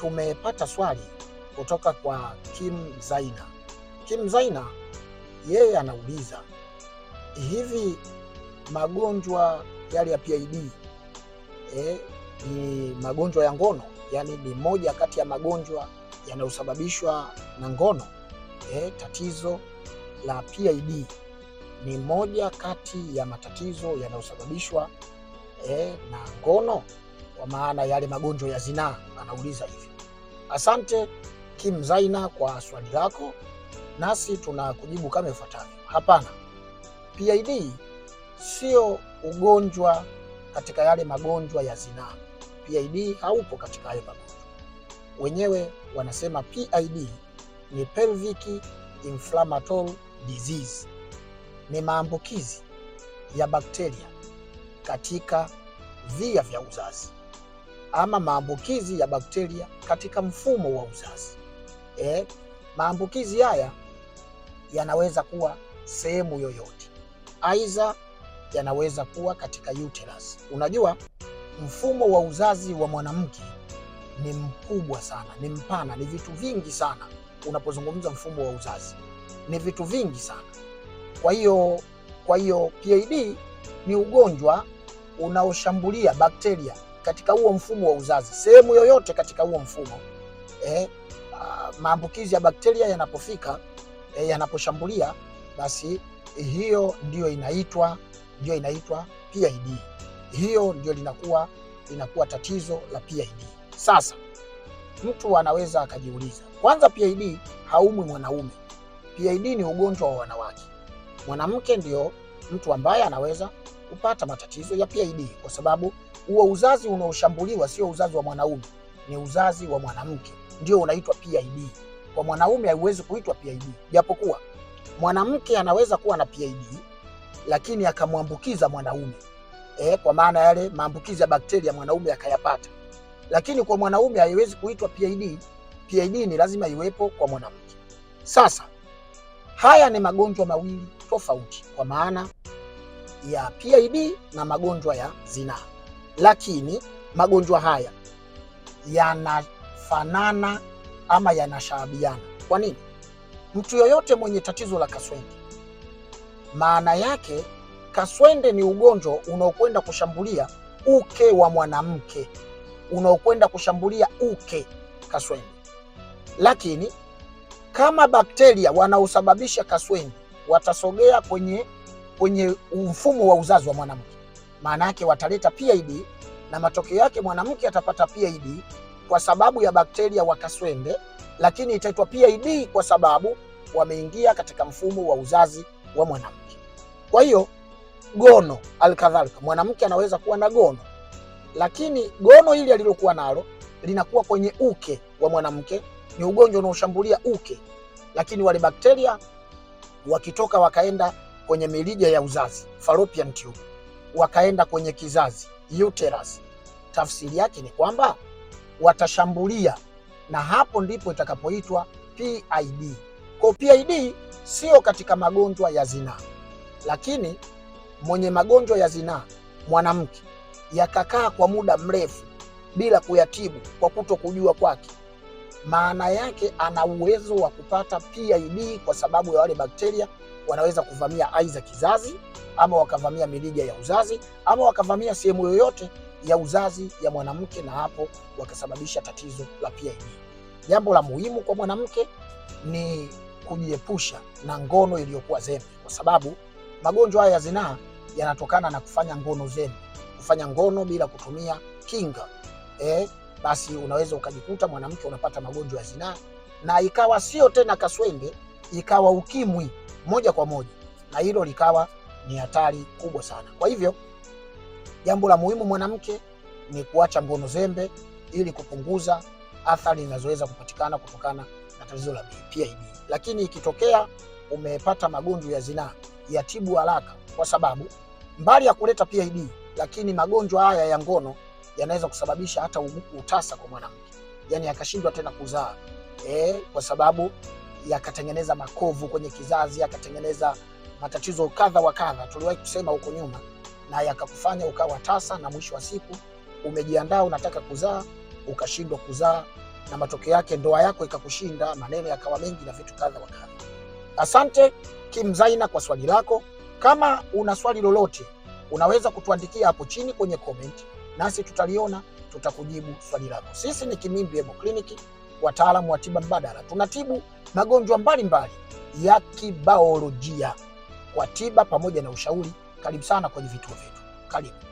tumepata swali kutoka kwa Kim Zaina. Kim Zaina yeye anauliza hivi magonjwa yale ya PID eh, ni magonjwa ya ngono, yaani ni moja kati ya magonjwa yanayosababishwa na ngono eh, tatizo la PID ni moja kati ya matatizo yanayosababishwa eh, na ngono, kwa maana yale magonjwa ya zinaa, anauliza hivi. Asante Kim Zaina kwa swali lako, nasi tunakujibu kama ifuatavyo. Hapana, PID sio ugonjwa katika yale magonjwa ya zinaa. PID haupo katika hayo magonjwa. Wenyewe wanasema PID ni pelvic inflammatory disease, ni maambukizi ya bakteria katika via vya uzazi ama maambukizi ya bakteria katika mfumo wa uzazi. E, maambukizi haya yanaweza kuwa sehemu yoyote, aidha yanaweza kuwa katika uterus. Unajua mfumo wa uzazi wa mwanamke ni mkubwa sana, ni mpana, ni vitu vingi sana. Unapozungumza mfumo wa uzazi ni vitu vingi sana. Kwa hiyo kwa hiyo PID ni ugonjwa unaoshambulia bakteria katika huo mfumo wa uzazi, sehemu yoyote katika huo mfumo eh, ah, maambukizi ya bakteria yanapofika, eh, yanaposhambulia, basi hiyo ndiyo inaitwa ndio inaitwa PID. Hiyo ndio linakuwa inakuwa tatizo la PID. Sasa mtu anaweza akajiuliza, kwanza PID haumwi mwanaume. PID ni ugonjwa wa wanawake. Mwanamke ndio mtu ambaye anaweza kupata matatizo ya PID kwa sababu huo uzazi unaoshambuliwa sio uzazi wa mwanaume, ni uzazi wa mwanamke, ndio unaitwa PID. Kwa mwanaume haiwezi kuitwa PID, japokuwa mwanamke anaweza kuwa na PID lakini akamwambukiza mwanaume e, kwa maana yale maambukizi ya bakteria mwanaume akayapata, lakini kwa mwanaume haiwezi kuitwa PID. PID ni lazima iwepo kwa mwanamke. Sasa haya ni magonjwa mawili tofauti, kwa maana ya PID na magonjwa ya zinaa, lakini magonjwa haya yanafanana ama yanashabiana. Kwa nini? Mtu yoyote mwenye tatizo la kaswende, maana yake kaswende ni ugonjwa unaokwenda kushambulia uke wa mwanamke, unaokwenda kushambulia uke kaswende. Lakini kama bakteria wanaosababisha kaswende watasogea kwenye kwenye mfumo wa uzazi wa mwanamke. Maana yake wataleta PID na matokeo yake mwanamke atapata PID kwa sababu ya bakteria wa kaswende, lakini itaitwa PID kwa sababu wameingia katika mfumo wa uzazi wa mwanamke. Kwa hiyo gono alkadhalika, mwanamke anaweza kuwa na gono, lakini gono hili alilokuwa nalo linakuwa kwenye uke wa mwanamke. Ni ugonjwa unaoshambulia uke, lakini wale bakteria wakitoka wakaenda kwenye mirija ya uzazi fallopian tube, wakaenda kwenye kizazi uterus. Tafsiri yake ni kwamba watashambulia, na hapo ndipo itakapoitwa PID. Kwa PID sio katika magonjwa ya zinaa, lakini mwenye magonjwa ya zinaa mwanamke yakakaa kwa muda mrefu bila kuyatibu kwa kuto kujua kwake maana yake ana uwezo wa kupata PID kwa sababu ya wale bakteria wanaweza kuvamia ai za kizazi ama wakavamia mirija ya uzazi ama wakavamia sehemu yoyote ya uzazi ya mwanamke na hapo wakasababisha tatizo la PID. Jambo la muhimu kwa mwanamke ni kujiepusha na ngono iliyokuwa zembe, kwa sababu magonjwa haya ya zinaa yanatokana na kufanya ngono zembe, kufanya ngono bila kutumia kinga eh, basi unaweza ukajikuta mwanamke unapata magonjwa ya zinaa na ikawa sio tena kaswende, ikawa ukimwi moja kwa moja, na hilo likawa ni hatari kubwa sana. Kwa hivyo jambo la muhimu mwanamke ni kuacha ngono zembe ili kupunguza athari zinazoweza kupatikana kutokana na tatizo la PID. Lakini ikitokea umepata magonjwa ya zinaa, yatibu haraka, kwa sababu mbali ya kuleta PID, lakini magonjwa haya ya ngono yanaweza kusababisha hata utasa kwa mwanamke, yani akashindwa tena kuzaa e, kwa sababu yakatengeneza makovu kwenye kizazi, yakatengeneza matatizo kadha wa kadha, tuliwahi kusema huko nyuma, na yakakufanya ukawa tasa, na mwisho wa siku umejiandaa, unataka kuzaa, ukashindwa kuzaa, na matokeo yake ndoa yako ikakushinda, maneno yakawa mengi na vitu kadha wa kadha. Asante Kim Zaina kwa swali lako. Kama una swali lolote, unaweza kutuandikia hapo chini kwenye komenti nasi tutaliona, tutakujibu swali lako. Sisi ni Kimimbi Herbal kliniki wataalamu wa tiba mbadala. Tunatibu magonjwa mbalimbali ya kibaolojia kwa tiba pamoja na ushauri. Karibu sana kwenye vituo vyetu, karibu.